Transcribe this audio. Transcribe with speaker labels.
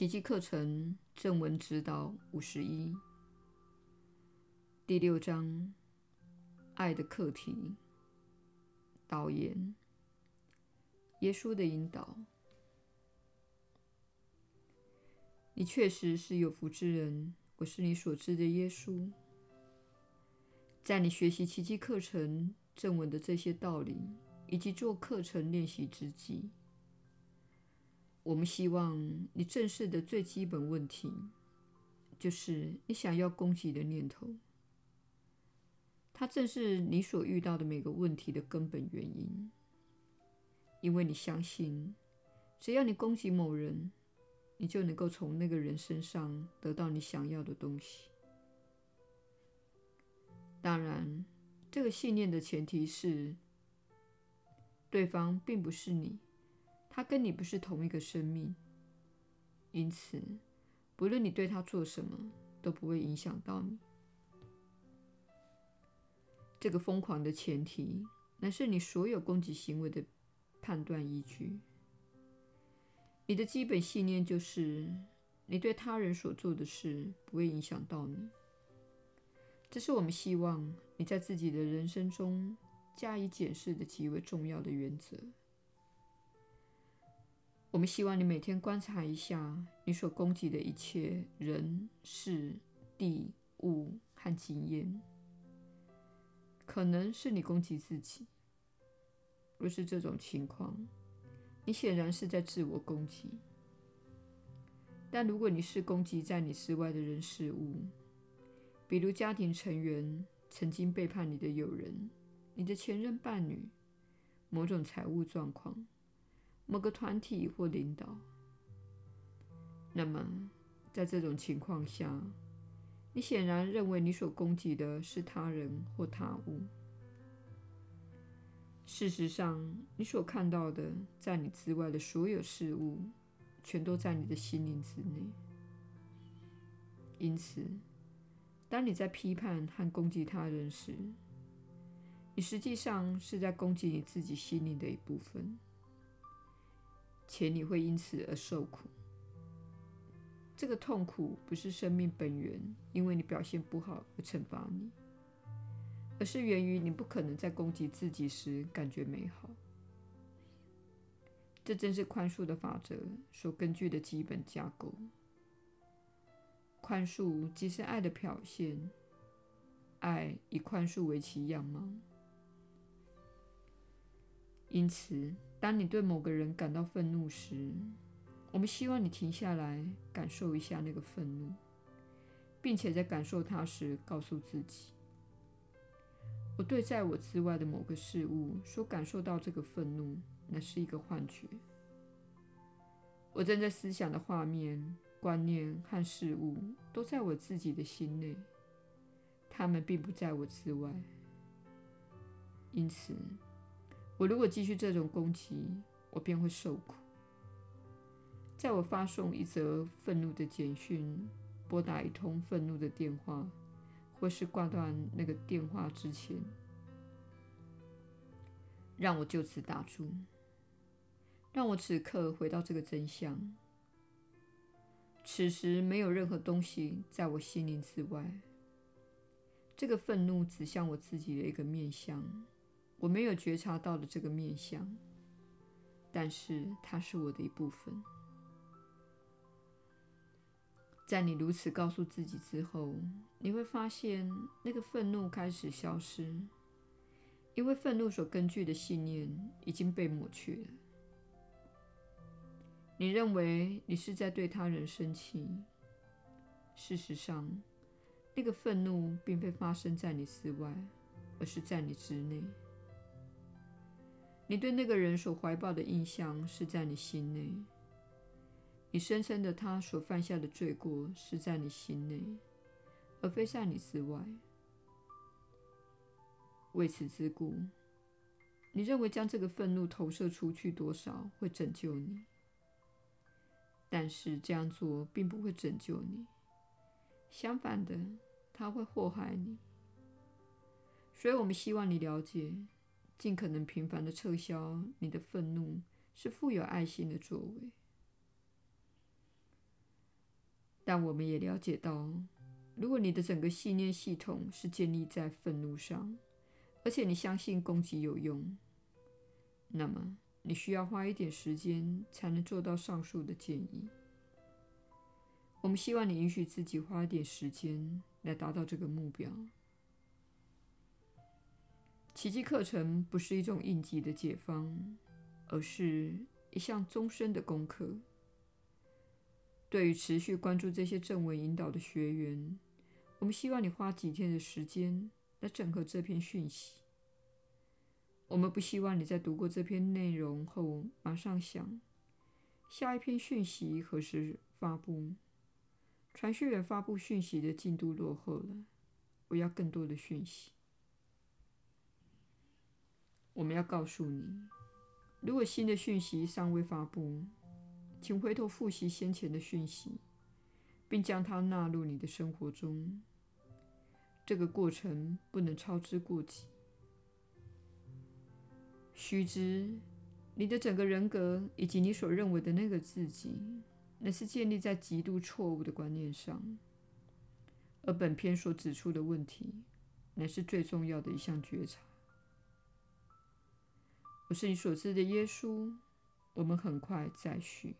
Speaker 1: 奇蹟課程正文指導五十一，第六章，愛的課題，導言，耶穌的引導，你確實是有福之人。我是你所知的耶穌。在你學習奇蹟課程正文的這些道理，以及做課程練習之際，我們希望你正視的最基本問題，就是你想要攻擊的念頭。它正是你所遇到的每個問題的根本原因，因為你相信，只要你攻擊某人，你就能夠從那個人身上得到你想要的東西。當然，這個信念的前提是，對方並不是你。他跟你不是同一個生命，因此，不論你對他做什麼，都不會影響到你。這個瘋狂的前提，乃是你所有攻擊行為的判斷依據。你的基本信念就是，你對他人所做的事，不會影響到你。這是我們希望你在自己的人生中加以檢視的極為重要的原則。我們希望你每天觀察一下你所攻擊的一切人、事、地、物和經驗。可能是你攻擊自己，若是這種情況，你顯然是在自我攻擊。但如果你是攻擊在你之外的人、事物，比如家庭成員、曾經背叛你的友人、你的前任伴侶、某種財務狀況。某個團體或領導，那麼在這種情況下，你顯然認為你所攻擊的是他人或他物。事實上，你所看到的在你之外的所有事物，全都在你的心靈之內。因此，當你在批判和攻擊他人時，你實際上是在攻擊你自己心靈的一部分。且你會因此而受苦。這個痛苦不是生命本源，因為你表現不好而懲罰你，而是源於你不可能在攻擊自己時感覺美好。這正是寬恕的法則所根據的基本架構。寬恕即是愛的表現，愛以寬恕為其樣貌。因此，當你對某個人感到憤怒時，我們希望你停下來感受一下那個憤怒，並且在感受它時，告訴自己：“我對在我之外的某個事物所感受到這個憤怒，那是一個幻覺。我正在思想的畫面、觀念和事物都在我自己的心內，它們並不在我之外。”因此。我如果繼續這種攻擊，我便會受苦。在我發送一則憤怒的簡訊、撥打一通憤怒的電話，或是掛斷那個電話之前，讓我就此打住，讓我此刻回到這個真相。此時沒有任何東西在我心靈之外。這個憤怒指向我自己的一個面向。我沒有覺察到的這個面向，但是它是我的一部分。在你如此告訴自己之後，你會發現那個憤怒開始消失，因為憤怒所根據的信念已經被抹去了。你認為你是在對他人生氣，事實上，那個憤怒並非發生在你之外，而是在你之內。你對那個人所懷抱的印象是在你心內，你聲稱的他所犯下的罪過是在你心內，而非在你之外。為此之故，你認為將這個憤怒投射出去多少會拯救你，但是這樣做並不會拯救你，相反的，它會禍害你。所以我們希望你了解。儘可能頻繁的撤銷你的憤怒是富有愛心的作為，但我們也了解到，如果你的整個信念系統是建立在憤怒上，而且你相信攻擊有用，那麼你需要花一點時間才能做到上述的建議。我們希望你允許自己花一點時間來達到這個目標。奇蹟課程不是一種應急的解方，而是一項終身的功課。對於持續關注這些正文引導的學員，我們希望你花幾天的時間來整合這篇訊息。我們不希望你在讀過這篇內容後馬上想下一篇訊息何時發佈？傳訊人發佈訊息的進度落後了，我要更多的訊息。我們要告訴你：如果新的訊息尚未發布，請回頭複習先前的訊息，並將它納入你的生活中。這個過程不能操之過急。須知，你的整個人格以及你所認為的那個自己，乃是建立在極度錯誤的觀念上；而本篇所指出的問題，乃是最重要的一項覺察。我是你所知的耶穌，我們很快再敘。